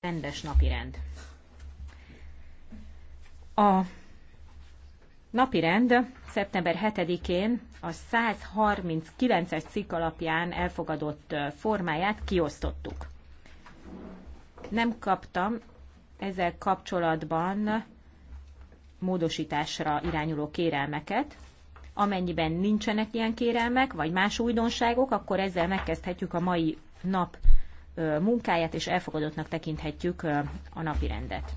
rendes napirend. A napirend szeptember 7-én a 139-es cikk alapján elfogadott formáját kiosztottuk. Nem kaptam ezzel kapcsolatban módosításra irányuló kérelmeket. Amennyiben nincsenek ilyen kérelmek, vagy más újdonságok, akkor ezzel megkezdhetjük a mai nap munkáját, és elfogadottnak tekinthetjük a rendet.